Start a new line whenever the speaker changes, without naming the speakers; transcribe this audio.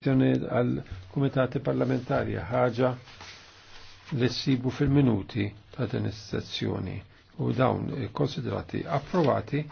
għal komitati parlamentari ħaġa li s-sibu fil-minuti ta' din is-sezzjoni u dawn eh, konsiderati approvati